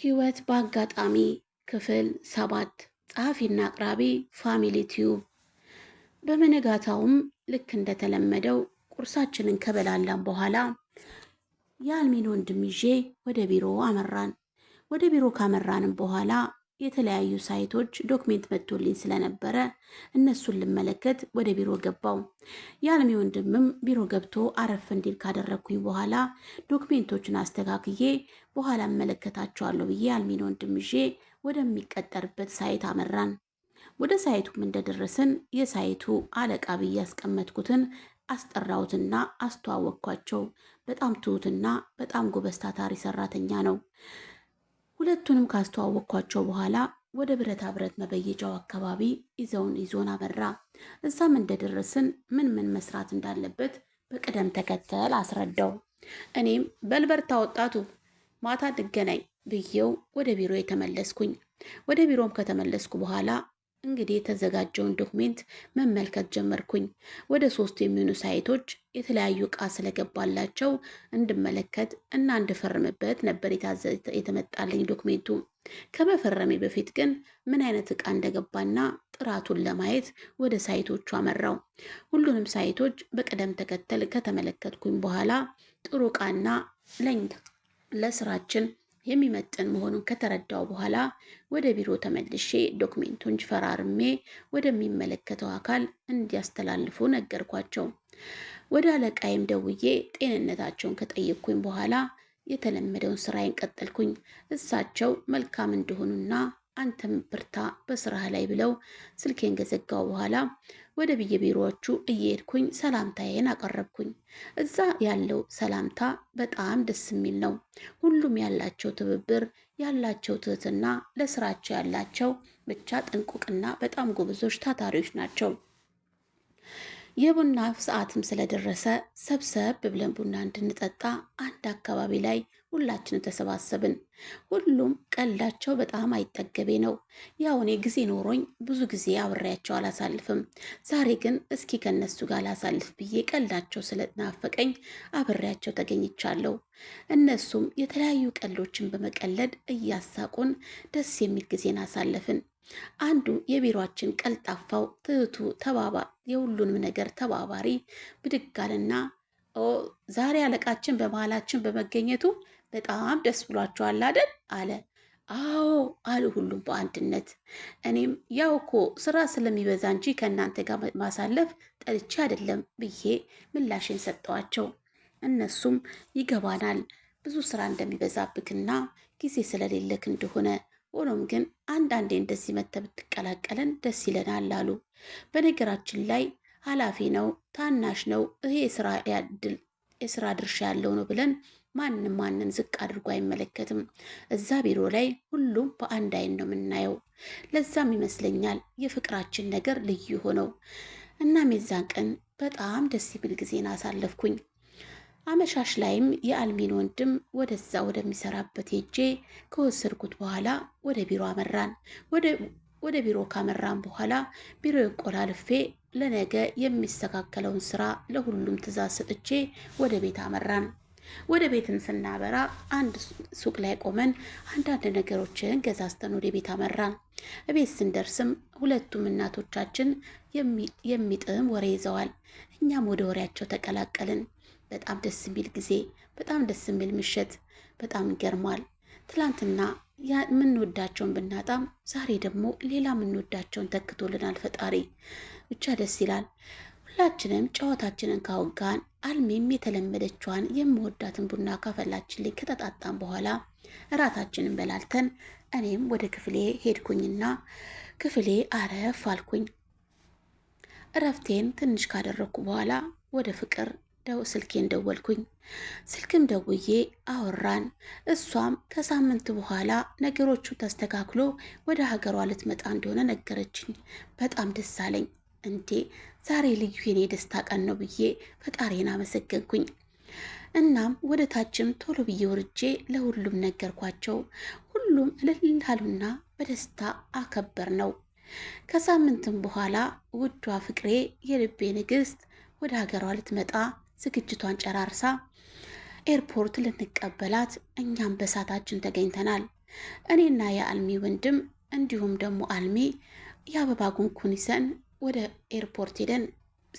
ህይወት በአጋጣሚ ክፍል ሰባት ጸሐፊና አቅራቢ ፋሚሊ ቲዩብ። በመነጋታውም ልክ እንደተለመደው ቁርሳችንን ከበላላን በኋላ የአልሚን ወንድም ይዤ ወደ ቢሮ አመራን። ወደ ቢሮ ካመራንም በኋላ የተለያዩ ሳይቶች ዶክሜንት መጥቶልኝ ስለነበረ እነሱን ልመለከት ወደ ቢሮ ገባው። የአልሚ ወንድምም ቢሮ ገብቶ አረፍ እንዲል ካደረግኩኝ በኋላ ዶክሜንቶችን አስተካክዬ በኋላ እመለከታቸዋለሁ ብዬ አልሚን ወንድም ይዤ ወደሚቀጠርበት ሳይት አመራን። ወደ ሳይቱም እንደደረስን የሳይቱ አለቃ ብዬ ያስቀመጥኩትን አስጠራሁትና አስተዋወቅኳቸው። በጣም ትሁትና በጣም ጎበዝ ታታሪ ሰራተኛ ነው። ሁለቱንም ካስተዋወቅኳቸው በኋላ ወደ ብረታ ብረት መበየጫው አካባቢ ይዘውን ይዞን አመራ። እዛም እንደደረስን ምን ምን መስራት እንዳለበት በቅደም ተከተል አስረዳው። እኔም በልበርታ ወጣቱ ማታ እንገናኝ ብዬው ወደ ቢሮ የተመለስኩኝ። ወደ ቢሮም ከተመለስኩ በኋላ እንግዲህ የተዘጋጀውን ዶክሜንት መመልከት ጀመርኩኝ። ወደ ሶስት የሚሆኑ ሳይቶች የተለያዩ እቃ ስለገባላቸው እንድመለከት እና እንድፈርምበት ነበር የተመጣልኝ ዶክሜንቱ። ከመፈረሜ በፊት ግን ምን አይነት እቃ እንደገባና ጥራቱን ለማየት ወደ ሳይቶቹ አመራው። ሁሉንም ሳይቶች በቅደም ተከተል ከተመለከትኩኝ በኋላ ጥሩ እቃና ለስራችን የሚመጥን መሆኑን ከተረዳው በኋላ ወደ ቢሮ ተመልሼ ዶክሜንቱን ፈራርሜ ወደሚመለከተው አካል እንዲያስተላልፉ ነገርኳቸው። ወደ አለቃይም ደውዬ ጤንነታቸውን ከጠየቅኩኝ በኋላ የተለመደውን ስራዬን ቀጠልኩኝ። እሳቸው መልካም እንደሆኑና አንተም ብርታ በስራህ ላይ ብለው ስልኬን ከዘጋው በኋላ ወደ በየቢሮዎቹ እየሄድኩኝ ሰላምታዬን አቀረብኩኝ። እዛ ያለው ሰላምታ በጣም ደስ የሚል ነው። ሁሉም ያላቸው ትብብር፣ ያላቸው ትህትና፣ ለስራቸው ያላቸው ብቻ ጥንቁቅና በጣም ጎበዞች ታታሪዎች ናቸው። የቡና ሰዓትም ስለደረሰ ሰብሰብ ብለን ቡና እንድንጠጣ አንድ አካባቢ ላይ ሁላችንም ተሰባሰብን። ሁሉም ቀልዳቸው በጣም አይጠገቤ ነው። ያው እኔ ጊዜ ኖሮኝ ብዙ ጊዜ አብሬያቸው አላሳልፍም። ዛሬ ግን እስኪ ከነሱ ጋር ላሳልፍ ብዬ ቀልዳቸው ስለናፈቀኝ አብሬያቸው ተገኝቻለሁ። እነሱም የተለያዩ ቀልዶችን በመቀለድ እያሳቁን ደስ የሚል ጊዜን አሳለፍን። አንዱ የቢሮአችን ቀልጣፋው ትህቱ ተባባ የሁሉንም ነገር ተባባሪ ብድጋልና ዛሬ አለቃችን በመሃላችን በመገኘቱ በጣም ደስ ብሏቸዋል አደል አለ። አዎ አሉ ሁሉም በአንድነት። እኔም ያው እኮ ስራ ስለሚበዛ እንጂ ከእናንተ ጋር ማሳለፍ ጠልቼ አይደለም ብዬ ምላሽን ሰጠዋቸው። እነሱም ይገባናል ብዙ ስራ እንደሚበዛብክና ጊዜ ስለሌለክ እንደሆነ ሆኖም ግን አንዳንዴ እንደዚህ መተ ብትቀላቀለን ደስ ይለናል አሉ። በነገራችን ላይ ኃላፊ ነው፣ ታናሽ ነው፣ ይሄ የስራ ድርሻ ያለው ነው ብለን ማንም ማንን ዝቅ አድርጎ አይመለከትም። እዛ ቢሮ ላይ ሁሉም በአንድ አይን ነው የምናየው። ለዛም ይመስለኛል የፍቅራችን ነገር ልዩ ሆነው። እናም የዛን ቀን በጣም ደስ የሚል ጊዜን አሳለፍኩኝ። አመሻሽ ላይም የአልሚን ወንድም ወደዛ ወደሚሰራበት ሄጄ ከወሰድኩት በኋላ ወደ ቢሮ አመራን። ወደ ቢሮ ካመራን በኋላ ቢሮ የቆላልፌ ለነገ የሚስተካከለውን ስራ ለሁሉም ትዕዛዝ ሰጥቼ ወደ ቤት አመራን። ወደ ቤትን ስናበራ አንድ ሱቅ ላይ ቆመን አንዳንድ ነገሮችን ገዛዝተን ወደ ቤት አመራን። እቤት ስንደርስም ሁለቱም እናቶቻችን የሚጥም ወሬ ይዘዋል። እኛም ወደ ወሬያቸው ተቀላቀልን። በጣም ደስ የሚል ጊዜ፣ በጣም ደስ የሚል ምሽት፣ በጣም ይገርማል። ትላንትና የምንወዳቸውን ብናጣም ዛሬ ደግሞ ሌላ የምንወዳቸውን ተክቶልናል ፈጣሪ። ብቻ ደስ ይላል። ሁላችንም ጨዋታችንን ካወጋን አልሜም የተለመደችዋን የምወዳትን ቡና ካፈላችልኝ ከጠጣጣን በኋላ እራታችንን በላልተን እኔም ወደ ክፍሌ ሄድኩኝና ክፍሌ አረፍ አልኩኝ። እረፍቴን ትንሽ ካደረግኩ በኋላ ወደ ፍቅር ደው ስልኬን ደወልኩኝ። ስልክም ደውዬ አወራን። እሷም ከሳምንት በኋላ ነገሮቹ ተስተካክሎ ወደ ሀገሯ ልትመጣ እንደሆነ ነገረችኝ። በጣም ደስ አለኝ። እንዴ ዛሬ ልዩ የኔ ደስታ ቀን ነው ብዬ ፈጣሪን አመሰገንኩኝ። እናም ወደ ታችም ቶሎ ብዬ ውርጄ ለሁሉም ነገርኳቸው። ሁሉም እልል በደስታ አከበር ነው። ከሳምንትም በኋላ ውዷ ፍቅሬ የልቤ ንግስት ወደ ሀገሯ ልትመጣ ዝግጅቷን ጨራርሳ ኤርፖርት ልንቀበላት እኛም በሳታችን ተገኝተናል። እኔና የአልሚ ወንድም እንዲሁም ደግሞ አልሚ የአበባ ጉንኩን ይዘን ወደ ኤርፖርት ሄደን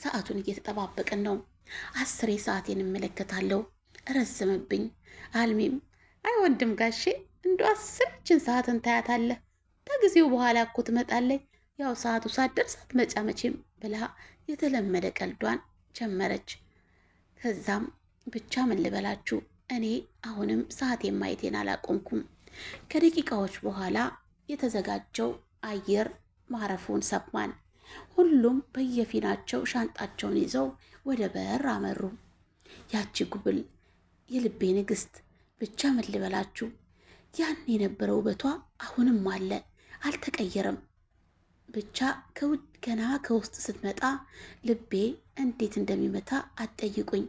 ሰዓቱን እየተጠባበቅን ነው። አስሬ ሰዓቴን እመለከታለሁ፣ ረዘመብኝ። አልሚም አይ ወንድም ጋሼ እንዶ አስርችን ሰዓት እንታያታለህ፣ ከጊዜው በኋላ እኮ ትመጣለች፣ ያው ሰዓቱ ሳትደርስ አትመጫ መቼም ብላ የተለመደ ቀልዷን ጀመረች። ከዛም ብቻ ምን ልበላችሁ እኔ አሁንም ሰዓቴን ማየቴን አላቆምኩም። ከደቂቃዎች በኋላ የተዘጋጀው አየር ማረፉን ሰማን። ሁሉም በየፊናቸው ሻንጣቸውን ይዘው ወደ በር አመሩ። ያቺ ጉብል የልቤ ንግስት ብቻ ምን ልበላችሁ ያን የነበረ ውበቷ አሁንም አለ፣ አልተቀየረም። ብቻ ገና ከውስጥ ስትመጣ ልቤ እንዴት እንደሚመታ አትጠይቁኝ።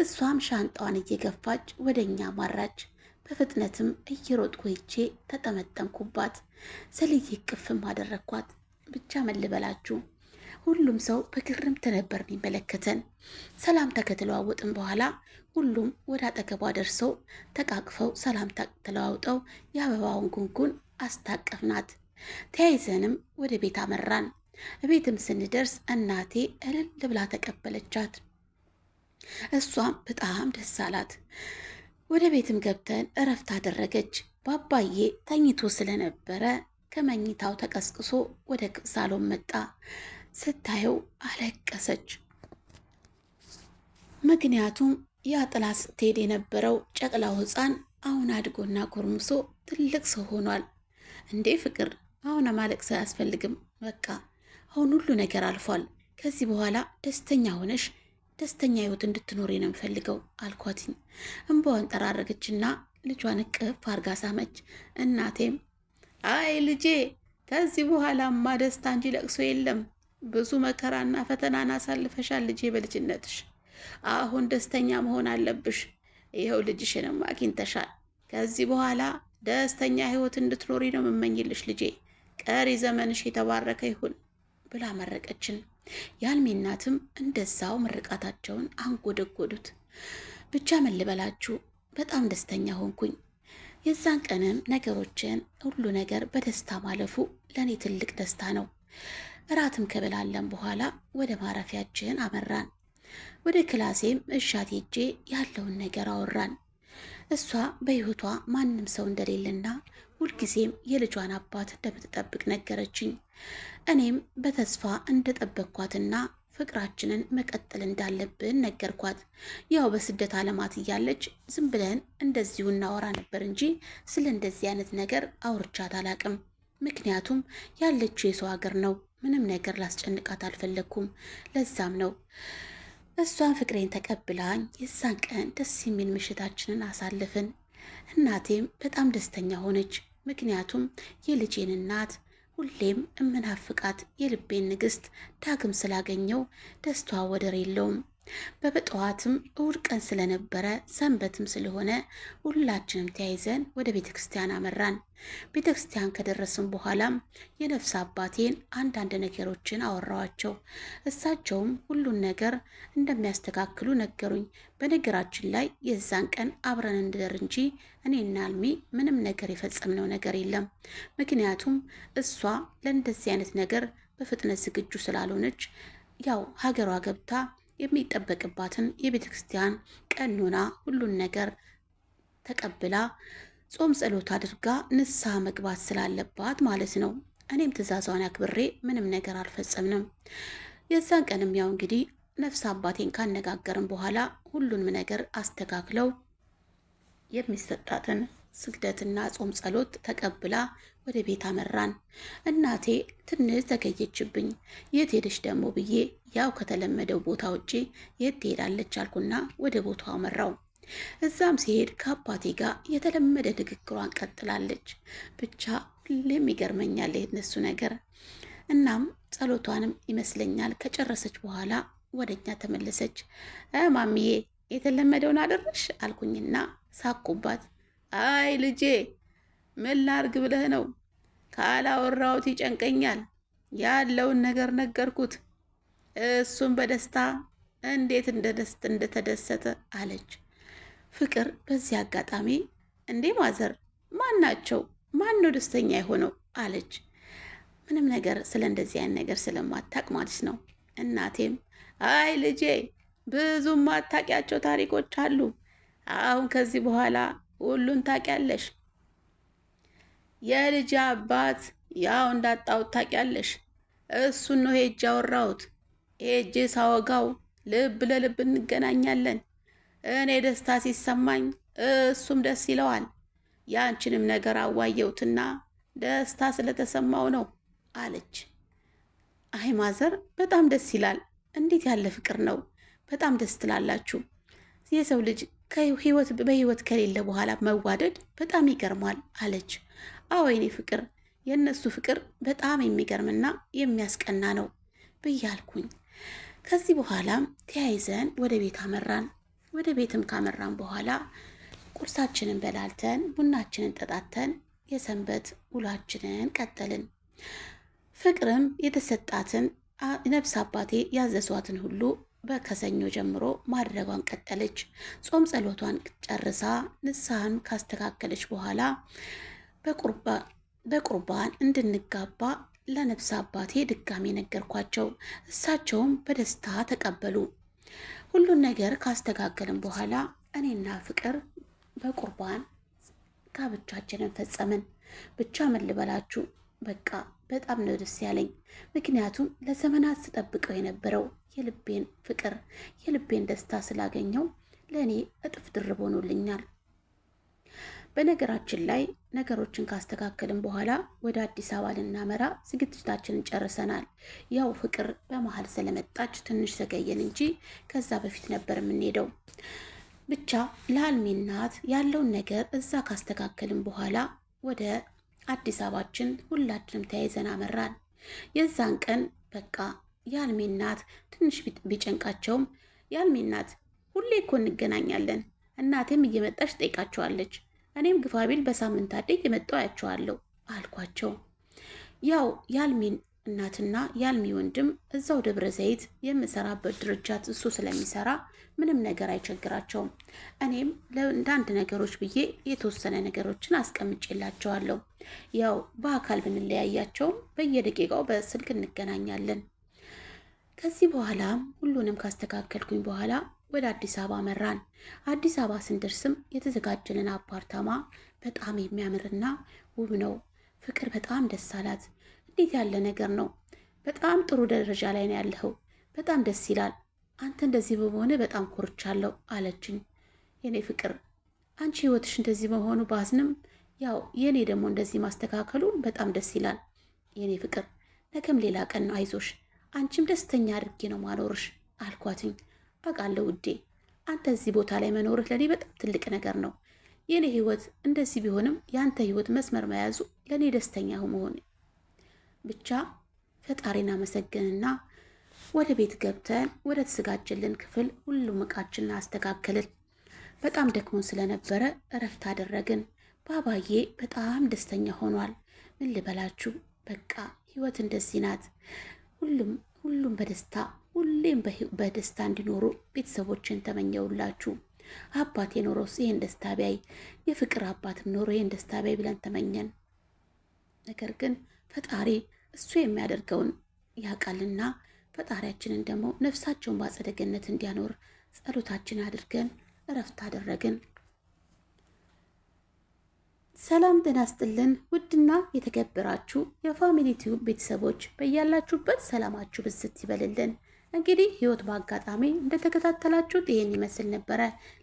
እሷም ሻንጣዋን እየገፋች ወደ እኛ ማራች። በፍጥነትም እየሮጥኩ ሄጄ ተጠመጠምኩባት። ሰልዬ ቅፍም አደረግኳት። ብቻ መልበላችሁ! ሁሉም ሰው በግርምት ነበር የሚመለከተን። ሰላምታ ከተለዋወጥን በኋላ ሁሉም ወደ አጠገቧ ደርሰው ተቃቅፈው ሰላምታ ተለዋውጠው የአበባውን ጉንጉን አስታቀፍናት። ተያይዘንም ወደ ቤት አመራን። ቤትም ስንደርስ እናቴ እልል ብላ ተቀበለቻት። እሷም በጣም ደስ አላት። ወደ ቤትም ገብተን እረፍት አደረገች። ባባዬ ተኝቶ ስለነበረ ከመኝታው ተቀስቅሶ ወደ ሳሎን መጣ። ስታየው አለቀሰች። ምክንያቱም ያ ጥላ ስትሄድ የነበረው ጨቅላው ሕፃን አሁን አድጎና ጎርምሶ ትልቅ ሰው ሆኗል። እንዴ ፍቅር፣ አሁን ማለቅ አያስፈልግም በቃ አሁን ሁሉ ነገር አልፏል። ከዚህ በኋላ ደስተኛ ሆነሽ ደስተኛ ህይወት እንድትኖር ነው የምፈልገው አልኳትኝ። እንባዋን ጠራረገችና ልጇን እቅፍ አርጋ ሳመች። እናቴም አይ ልጄ፣ ከዚህ በኋላማ ደስታ እንጂ ለቅሶ የለም። ብዙ መከራና ፈተናን አሳልፈሻል ልጄ በልጅነትሽ። አሁን ደስተኛ መሆን አለብሽ። ይኸው ልጅሽንም አግኝተሻል። ከዚህ በኋላ ደስተኛ ህይወት እንድትኖሪ ነው የምመኝልሽ ልጄ። ቀሪ ዘመንሽ የተባረከ ይሁን። ብላ መረቀችን። የአልሜ እናትም እንደዛው ምርቃታቸውን አንጎደጎዱት። ብቻ ምን ልበላችሁ በጣም ደስተኛ ሆንኩኝ። የዛን ቀንም ነገሮችን ሁሉ ነገር በደስታ ማለፉ ለእኔ ትልቅ ደስታ ነው። እራትም ከበላለን በኋላ ወደ ማረፊያችን አመራን። ወደ ክላሴም እሻት ሄጄ ያለውን ነገር አወራን። እሷ በሕይወቷ ማንም ሰው እንደሌለና ሁልጊዜም የልጇን አባት እንደምትጠብቅ ነገረችኝ። እኔም በተስፋ እንደጠበቅኳትና ፍቅራችንን መቀጠል እንዳለብን ነገርኳት። ያው በስደት አለማት እያለች ዝም ብለን እንደዚሁ እናወራ ነበር እንጂ ስለ እንደዚህ አይነት ነገር አውርቻት አላቅም። ምክንያቱም ያለችው የሰው ሀገር ነው። ምንም ነገር ላስጨንቃት አልፈለግኩም። ለዛም ነው እሷን ፍቅሬን ተቀብላኝ የዛን ቀን ደስ የሚል ምሽታችንን አሳልፍን። እናቴም በጣም ደስተኛ ሆነች። ምክንያቱም የልጄን እናት ሁሌም እምናፍቃት የልቤን ንግስት ዳግም ስላገኘው ደስቷ ወደር የለውም። በበጠዋትም እሑድ ቀን ስለነበረ ሰንበትም ስለሆነ ሁላችንም ተያይዘን ወደ ቤተ ክርስቲያን አመራን። ቤተ ክርስቲያን ከደረስን በኋላም የነፍስ አባቴን አንዳንድ ነገሮችን አወራዋቸው። እሳቸውም ሁሉን ነገር እንደሚያስተካክሉ ነገሩኝ። በነገራችን ላይ የዛን ቀን አብረን እንደር እንጂ እኔና አልሚ ምንም ነገር የፈጸምነው ነገር የለም። ምክንያቱም እሷ ለእንደዚህ አይነት ነገር በፍጥነት ዝግጁ ስላልሆነች ያው ሀገሯ ገብታ የሚጠበቅባትን የቤተ ክርስቲያን ቀኖና ሁሉን ነገር ተቀብላ ጾም ጸሎት አድርጋ ንስሐ መግባት ስላለባት ማለት ነው። እኔም ትእዛዟን አክብሬ ምንም ነገር አልፈጸምንም። የዛን ቀንም ያው እንግዲህ ነፍስ አባቴን ካነጋገርን በኋላ ሁሉንም ነገር አስተካክለው የሚሰጣትን ስግደትና ጾም ጸሎት ተቀብላ ወደ ቤት አመራን። እናቴ ትንሽ ዘገየችብኝ። የት ሄደች ደግሞ ብዬ ያው ከተለመደው ቦታ ውጪ የት ትሄዳለች አልኩና ወደ ቦታው አመራው። እዛም ሲሄድ ከአባቴ ጋር የተለመደ ንግግሯን ቀጥላለች። ብቻ ሁሌም ይገርመኛል የእነሱ ነገር። እናም ጸሎቷንም ይመስለኛል ከጨረሰች በኋላ ወደኛ ተመለሰች። ማሚዬ የተለመደውን አደረሽ አልኩኝና ሳኩባት። አይ ልጄ ምን ላርግ ብለህ ነው? ካላወራሁት ይጨንቀኛል። ያለውን ነገር ነገርኩት። እሱም በደስታ እንዴት እንደተደሰተ አለች ፍቅር። በዚህ አጋጣሚ እንዴ ማዘር ማን ናቸው? ማን ነው ደስተኛ የሆነው? አለች ምንም ነገር ስለ እንደዚህ አይነት ነገር ስለማታቅ ማለት ነው። እናቴም አይ ልጄ ብዙም ማታቂያቸው ታሪኮች አሉ። አሁን ከዚህ በኋላ ሁሉን ታውቂያለሽ። የልጅ አባት ያው እንዳጣሁት ታውቂያለሽ። እሱን ነው ሄጄ አወራሁት። ሄጄ ሳወጋው ልብ ለልብ እንገናኛለን። እኔ ደስታ ሲሰማኝ እሱም ደስ ይለዋል። ያንቺንም ነገር አዋየሁትና ደስታ ስለተሰማው ነው አለች። አይ ማዘር፣ በጣም ደስ ይላል። እንዴት ያለ ፍቅር ነው! በጣም ደስ ትላላችሁ። የሰው ልጅ ከህይወት በህይወት ከሌለ በኋላ መዋደድ በጣም ይገርማል አለች። አዎ የኔ ፍቅር የእነሱ ፍቅር በጣም የሚገርምና የሚያስቀና ነው ብያልኩኝ። ከዚህ በኋላ ተያይዘን ወደ ቤት አመራን። ወደ ቤትም ካመራን በኋላ ቁርሳችንን በላልተን ቡናችንን ጠጣተን የሰንበት ውሏችንን ቀጠልን። ፍቅርም የተሰጣትን ነፍስ አባቴ ያዘሷትን ሁሉ ከሰኞ ጀምሮ ማድረጓን ቀጠለች። ጾም ጸሎቷን ጨርሳ ንስሐን ካስተካከለች በኋላ በቁርባን እንድንጋባ ለነፍስ አባቴ ድጋሚ ነገርኳቸው። እሳቸውም በደስታ ተቀበሉ። ሁሉን ነገር ካስተካከልን በኋላ እኔና ፍቅር በቁርባን ጋብቻችንን ፈጸምን። ብቻ ምን ልበላችሁ በቃ በጣም ነው ደስ ያለኝ። ምክንያቱም ለዘመናት ስጠብቀው የነበረው የልቤን ፍቅር የልቤን ደስታ ስላገኘው ለእኔ እጥፍ ድርብ ሆኖልኛል። በነገራችን ላይ ነገሮችን ካስተካከልን በኋላ ወደ አዲስ አበባ ልናመራ ዝግጅታችንን ጨርሰናል። ያው ፍቅር በመሀል ስለመጣች ትንሽ ዘገየን እንጂ ከዛ በፊት ነበር የምንሄደው። ብቻ ለአልሚ እናት ያለውን ነገር እዛ ካስተካከልን በኋላ ወደ አዲስ አበባችን ሁላችንም ተያይዘን አመራን። የዛን ቀን በቃ የአልሜ እናት ትንሽ ቢጨንቃቸውም የአልሜ እናት ሁሌ እኮ እንገናኛለን፣ እናቴም እየመጣች ጠይቃቸዋለች፣ እኔም ግፋቢል በሳምንት አዴ እየመጣሁ አያቸዋለሁ አልኳቸው። ያው የአልሜን እናትና የአልሚ ወንድም እዛው ደብረ ዘይት የምሰራበት ድርጅት እሱ ስለሚሰራ ምንም ነገር አይቸግራቸውም። እኔም ለአንዳንድ ነገሮች ብዬ የተወሰነ ነገሮችን አስቀምጬላቸዋለሁ። ያው በአካል ብንለያያቸውም በየደቂቃው በስልክ እንገናኛለን። ከዚህ በኋላ ሁሉንም ካስተካከልኩኝ በኋላ ወደ አዲስ አበባ መራን። አዲስ አበባ ስንደርስም የተዘጋጀልን አፓርታማ በጣም የሚያምርና ውብ ነው። ፍቅር በጣም ደስ አላት። እንዴት ያለ ነገር ነው! በጣም ጥሩ ደረጃ ላይ ነው ያለኸው። በጣም ደስ ይላል። አንተ እንደዚህ በመሆነ በጣም ኮርቻለሁ አለችኝ። የኔ ፍቅር አንቺ ህይወትሽ እንደዚህ መሆኑ ባዝንም፣ ያው የእኔ ደግሞ እንደዚህ ማስተካከሉ በጣም ደስ ይላል። የኔ ፍቅር ነገም ሌላ ቀን ነው፣ አይዞሽ። አንቺም ደስተኛ አድርጌ ነው ማኖርሽ አልኳትኝ። አውቃለሁ ውዴ፣ አንተ እዚህ ቦታ ላይ መኖርህ ለእኔ በጣም ትልቅ ነገር ነው። የእኔ ህይወት እንደዚህ ቢሆንም የአንተ ህይወት መስመር መያዙ ለእኔ ደስተኛ መሆን ብቻ ፈጣሪን አመሰግንና ወደ ቤት ገብተን ወደ ተዘጋጀልን ክፍል ሁሉም እቃችንን አስተካከልን። በጣም ደክሞን ስለነበረ እረፍት አደረግን። ባባዬ በጣም ደስተኛ ሆኗል። ምን ልበላችሁ፣ በቃ ህይወት እንደዚህ ናት። ሁሉም ሁሉም በደስታ ሁሌም በደስታ እንዲኖሩ ቤተሰቦችን ተመኘውላችሁ። አባት የኖረውስ ይህን ደስታ ቢያይ፣ የፍቅር አባትም ኖሮ ይህን ደስታ ቢያይ ብለን ተመኘን። ነገር ግን ፈጣሪ እሱ የሚያደርገውን ያውቃልና ፈጣሪያችንን ደግሞ ነፍሳቸውን በአጸደ ገነት እንዲያኖር ጸሎታችን አድርገን እረፍት አደረግን። ሰላም ጤና ይስጥልን። ውድና የተከበራችሁ የፋሚሊ ቲዩብ ቤተሰቦች በያላችሁበት ሰላማችሁ ብዝት ይበልልን። እንግዲህ ህይወት በአጋጣሚ እንደተከታተላችሁት ይህን ይመስል ነበረ።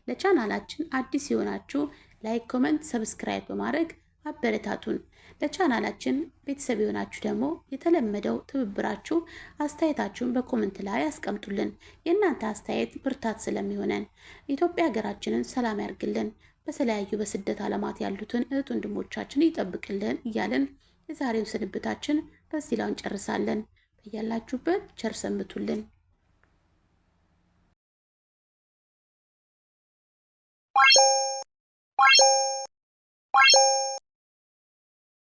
ለቻናላችን አዲስ የሆናችሁ ላይክ፣ ኮመንት፣ ሰብስክራይብ በማድረግ አበረታቱን። ለቻናላችን ቤተሰብ የሆናችሁ ደግሞ የተለመደው ትብብራችሁ፣ አስተያየታችሁን በኮመንት ላይ አስቀምጡልን። የእናንተ አስተያየት ብርታት ስለሚሆነን ኢትዮጵያ ሀገራችንን ሰላም ያርግልን፣ በተለያዩ በስደት ዓለማት ያሉትን እህት ወንድሞቻችን ይጠብቅልን እያልን የዛሬውን ስንብታችን በዚህ ላይ እንጨርሳለን። በያላችሁበት ቸር ሰንብቱልን።